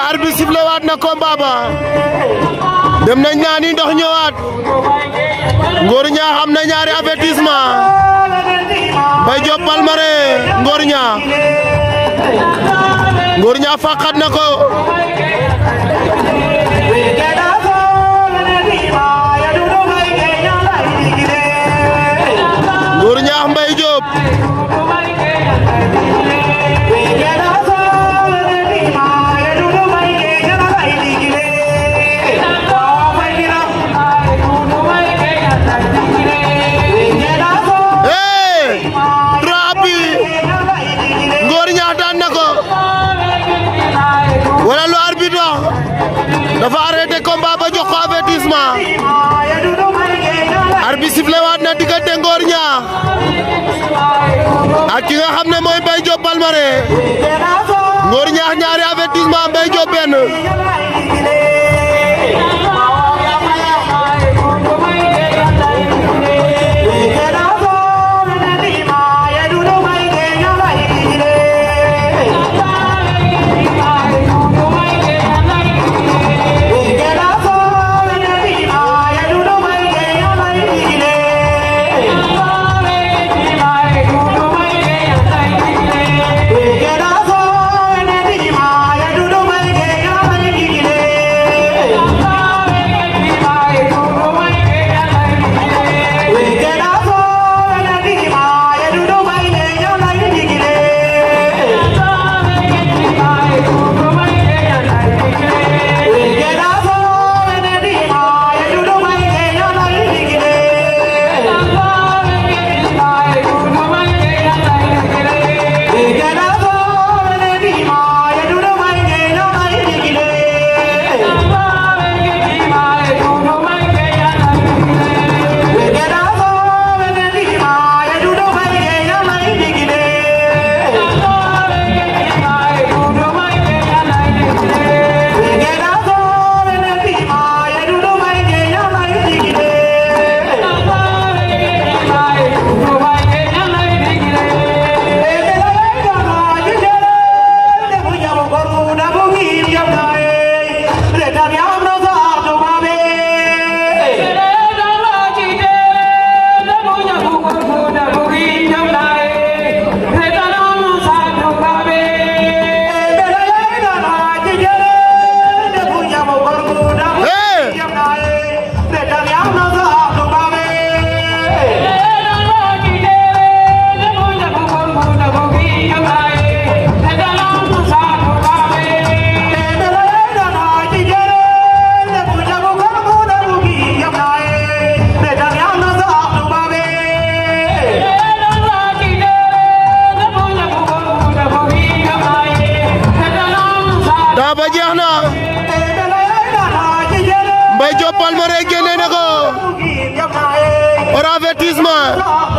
arbitre sifflé waat na combat ba dem na ñaani ndox ñëwaat Ngor Niakh am na ñaari avertissement Mbaye Diop Palmarin Ngor Niakh Ngor Niakh faqat na ko dafa arrêté combat ba jox ko avertissement arbitre sifflé waat na diggante Ngor Niakh ak ki nga xam ne mooy Mbaye Diop Palmarin Ngor Niakh ñaari avertissement Mbaye Diop benn 早上